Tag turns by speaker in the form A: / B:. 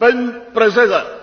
A: pełni prezesa.